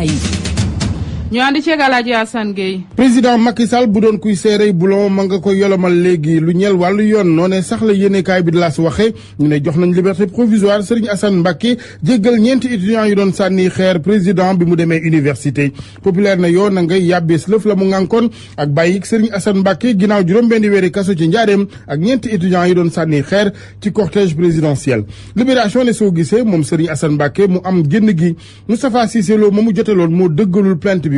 Ahí. ñu ànd ceeg Alaaji Assane Gueye président Macky Sall bu doon kuy seerey bulon ma nga ko yolomal léegi lu ñel wàllu yoon noone ne sax la yéenekaay bi laas waxe ñu ne jox nañ liberté provisoire Serigne Assane Mbacké jéggal ñeenti étudiants yu doon sànni xeer président bi mu demee université populaire na yoon na ngay yàbbee lëf la mu ngànkoon ak bàyyik Serigne assan Mbacké ginnaaw juróom benn weeri kaso ci njaareem ak ñeenti étudiants yi doon sànni xeer ci cortège présidentiel libération ne soo gisee moom Serigne Assane Mbacké mu am génn gi Moustapha Cissé ma mu joteloon moo dëggalul plainte bi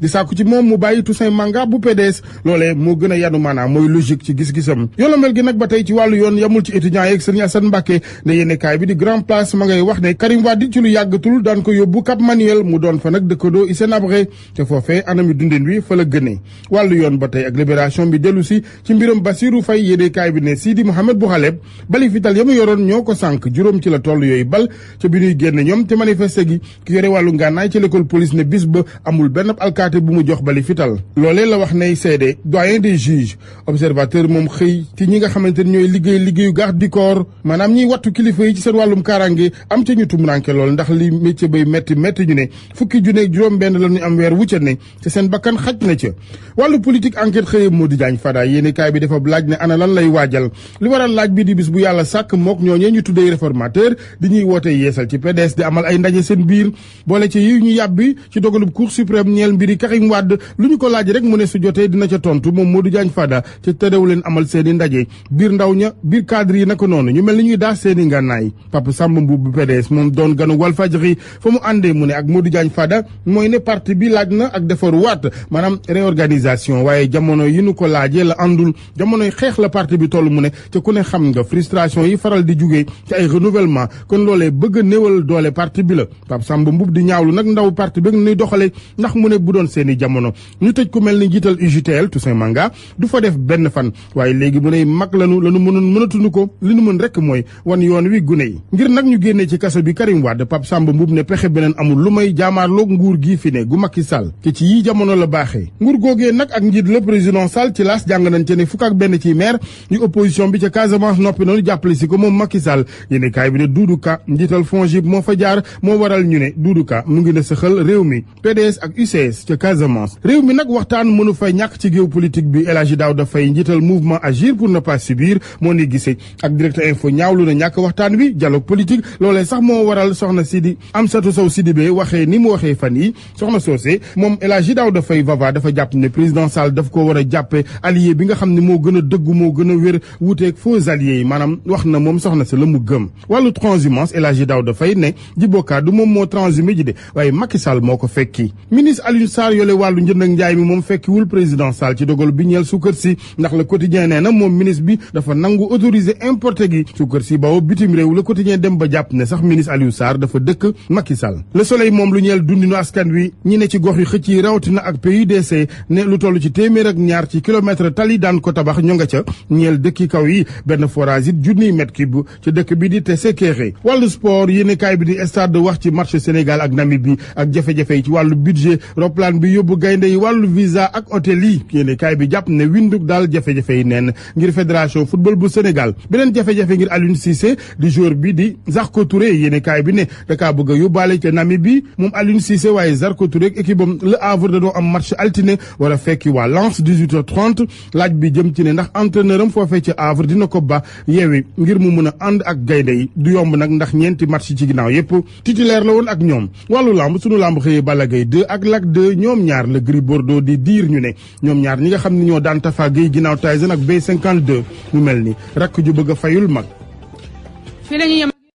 di sa ku ci mom mu bàyyi Toussaint Manga bu PDS lolé mo gëna yanu maanaam moy logique ci gis-gisam mel gi nak batay ci walu yoon yamul ci étudiant yek Serigne Assane Mbacké ne kay bi di Grand Place ma ngay wax ne Karim wadi ci lu yàggatul dan ko yobbu Cap Manuel mu don fa nag dëkkandoo Hissène Habré te foofee anami dundin wi fa la gëné walu yoon batay ak libération bi delu ci ci basirou fay yene kay bi ne Sidi Mohamed Bouhaleb bali fital yamu yoron ñoko sank sànk ci la tollu yoy bal ci bi ñuy génn ñom te manifesté gi ki yore walu nganaay ci l'école police ne bis ba amul benn alkaati bu mu jox bali fital loolee la wax nay seede doyen des juges observateur moom xëy ci ñi nga xamante ne ñooy liggéey liggéeyu garde du corps maanaam ñiy wattu kilifa yi ci seen wàllum kaaraange am ca ñu tumranke lool ndax li métier bay métti métti ñu ne fukki junne juróom benn la ñu am weer wu ne te seen bakkan xaj na ca wàllu politique enquête xëyee Modou Diagne Fada yéeni kaay bi dafa laaj ne ana lan lay waajal li waral laaj bi di bis bu yàlla sàkk mook ñooñee ñu tuddee réformateur di ñuy woote yeesal ci PDS di amal ay ñeel mbiri Karim Wade lu ñu ko laaj rek mu ne su dina ca tontu moom Modou Diagne Fada ca terewu amal seen i ndaje biir ndaw ña biir cadre yi naka noonu ñu mel ni ñuy daas seen i ngànnaay Papa Samba Mboup bu PDS moom doon ganu Walfadjri fa mu àndee mu ne ak Modou Diagne Fada mooy ne parti bi laaj na ak defaru waat maanaam réorganisation waaye jamono yi nu ko laajee la àndul jamonoy xeex la parti bi toll mu ne ca ku ne xam nga frustration yi faral di jugee ci ay renouvellement kon a néewal doole parti bi la Papa bu doon seeni jamono ñu tëj ku mel ni jiital UJTL Toussaint Manga du fa def benn fan waaye léegi bu ney mag lanu lanu mënoon mënatuñu ko li nu mën rek mooy wan yoon wi gune yi ngir nag ñu génnee ci kaso bi Karim Wade Pape Samba Mboup ne pexe beneen amul lu may jaamaarloog nguur gii fi ne gu Macky Sall te ci yi jamono la baaxee nguur googee nag ak njiit la président Sall ci laas jàng nañ ci ne fukk ak benn ci maire ñu opposition bi ca Casamance noppi noonu jàppale si ko moom Macky Sall yéene kaay bi ne Doudou Ka njiital FONGIP moo fa jaar moo waral ñu ne Doudou mu ngi ne sëxal réew mi ak PDS ca Casamance réew mi nag waxtaan mënu fay ñak ci géopolitique bi El Hadji Daouda fay njiital mouvement agir pour ne pas subir moo ni gisee ak direct info ñaawlu na ñak waxtaan bi dialogue politique lolé sax mo waral soxna Sidi Amsatou Sow Sidibé waxé ni mo waxé fan yi soxna sosé mom El Hadji Daouda fay Vava dafa japp né président Sall daf ko war jappé allié bi nga xamné mo gëna gën mo gëna wër wuté ak faux alliés manam waxna mom soxna si lamu gëm wàllu transhumance El Hadji Daouda fay né Djibo Ka du moom moo transhumé ji de waaye Macky Sall moko fekki ministre Alioune Sarr yole wàllu njënd ak njaay mi moom fekkiwul président Sall ci dogal bi ñeel suukar si ndax le quotidien nee na moom ministre bi dafa nangu autoriser importé gi suukar si bawoo bitim réew le quotidien dem ba jàpp ne sax ministre Alioune Sarr dafa dëkk Macky Sall le soleil moom lu ñeel dundinu askan wi ñi ne ci gox yi xëcc yi rawatina ak PUDC ne lu toll ci téeméer ak ñaar ci kilomètre tali daan ko tabax ño nga ca ñeel dëkki kaw yi benn forage it junniy mètre cube ci dëkk bi di Tessékéré wàllu sport yéenekaay bi di stade wax ci match Sénégal ak Namibie ak jafe-jafe wàllu budget roplaan bi yóbbu gaynde yi wàllu visa ak hôtel yi yéene kaay bi jàpp ne winduk daal jafe-jafe yi neen ngir fédération football bu Sénégal beneen jafe-jafe ngir Aliou Cissé di joueur bi di Zarko Touré yéene kaay bi ne dakaa bëgg a yóbbaale ca Namibie moom Aliou Cissé waaye Zarko Touré ak équipe am Le Havre dañoo am match altine war a fekki waa Lens laaj bi jëm ci ne ndax entraîneur am foofee ca Havre dina ko ba yeewi ngir mu mën a ànd ak gaynde yi du yomb nag ndax ñeenti match ci ginnaaw yépp titulaire la woon ak ñoom wàllu lamb sunu lamb ak Lac 2 ñoom ñaar la Gris Bordeaux di diir ñu ne ñoom ñaar ñi nga xam ni ñoo daan Tafa Gueye ginnaaw Tyson ak B52 mu mel ni rakk ju bëgg a fayul mag.